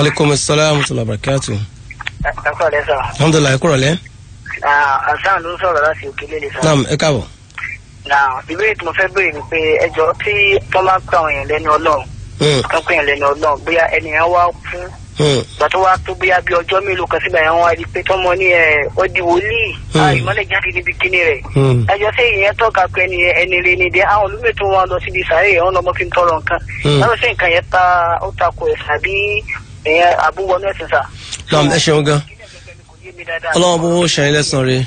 aleykum salaam wa rahmatulahi wa barakatu. ẹ kúrọ̀lẹ́ sọ. alhamdulilayi ẹ kúrọ̀lẹ́. hasan ló ń sọ̀rọ̀ láti òkèlè lè sọ. naam ẹ káàbọ̀. naam ìbéèrè tí mo fẹ́ béèrè ni pé ẹjọ́ tí tọ́lá gbà wọ̀nyẹn lẹ́nu ọlọ́run kan hmm. pè yàn lẹ́nu ọlọ́run bóyá ẹni yẹn wá kú hmm. ìgbà tó wá tó bóyá bí ọjọ́ mélòó kan sígbà yẹn wá rí i pé tọ́mọ ní ẹ ọ di wòlíì hmm. ah, ìmọ̀lẹ̀ ìyẹn àbúwọ náà ti sà. naam ẹ ṣeun gan ọlọ́run bó ṣẹyìn lẹ́sàn-án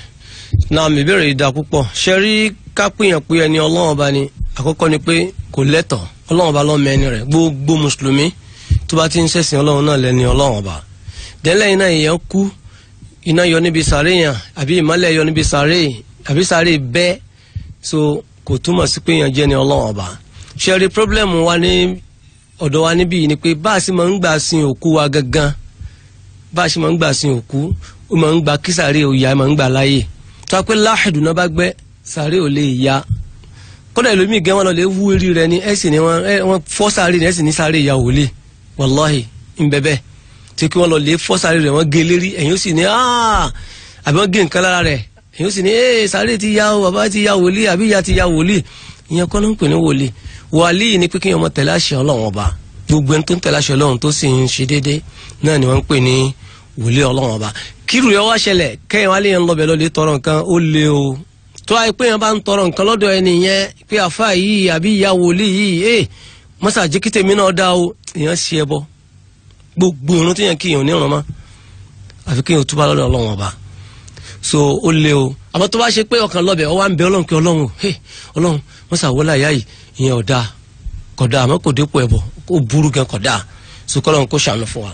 naam ìbéèrè ìdá púpọ̀ ṣe rí kápẹ́yàn pé ẹni ọba ni àkọ́kọ́ ni pé kò lẹ́tọ̀ ọlọ́run ọba lọ́mọ ẹni rẹ̀ gbogbo mùsùlùmí tó bá ti ń ṣẹ̀sìn ọlọ́run náà lẹ́ni ọlọ́run ọba dẹ́lẹ́ iná èèyàn kú iná yọ níbi sàárè yàn àbí ìmọ́lẹ̀ yọ níbi sàárè àbí sàárè bẹ́ so kò túmọ̀ sí pé èèyàn jẹ́ ni ọlọ́run ọba ṣe rí pírọ́blẹ́mù wa ní ọ̀dọ̀ wa níbí yìí ni pé bá a sì máa ń gbà sin òkú wa gangan bá a sì máa ń gbà sin òkú ó máa ń gba kí sàárè òyà máa ń gbà láàyè tó a pé láàdùn náà bá gbẹ́ sàárè ò lè ya kódà ẹlòmíì gẹ́ wọn lọ lè wú eré rẹ ni ẹ sì ni wọn fọ́ sàárè ni ẹ sì ní sàárè ìyá òwòlé wàláhì ń tí kí wọn lọ lè fọ́ sàárè rẹ wọn gé e lérí ẹ̀yin ó sì ní àbí wọn gé nǹkan lára rẹ ẹ̀yin ó sì ní sàárè ti ya o bàbá ti ya wòlíì àbí ìyá ti ya wòlíì ìyẹn kọ́ ló ń pè ní wòlíì wàlíì ni pé kí ọmọ tẹ̀lé àṣẹ ọlọ́run ọba gbogbo ẹni tó ń tẹ̀lé àṣẹ ọlọ́run tó sì ń ṣe dédé náà ni wọ́n ń pè ní wòlíì ọlọ́run ọba kírù yẹn wá ṣẹlẹ̀ kẹ́yìn wá léyìn lọ́bẹ̀ lọ́lẹ̀ tọrọ nǹkan ó lé o tó a pé yẹn bá ń tọrọ nǹkan lọ́dọ̀ ẹni yẹn pé àfa yìí àbí ìyá wòlíì yìí ẹ mọ́sá jẹ́kítẹ́ mi náà dá o èèyàn ṣe ẹbọ gbogbo irun tó yẹn kí èèyàn ní ìrànmọ́ àfi kí èèyàn túbọ̀ lọ́dọ̀ ọlọ́run ọba so ó lé o àmọ́ tó bá ṣe pé ọkàn lọ́bẹ̀ ọ wá ń bẹ ọlọ́run pé ọlọ́run he ọlọ́run wọ́n ṣàwọ́lá ìyá yìí ìyẹn ọ̀dà kódà àmọ́ kò dépò ẹ̀bọ̀ kó burú gan kódà so kọ́lọ́run kó ṣàánú fún wa.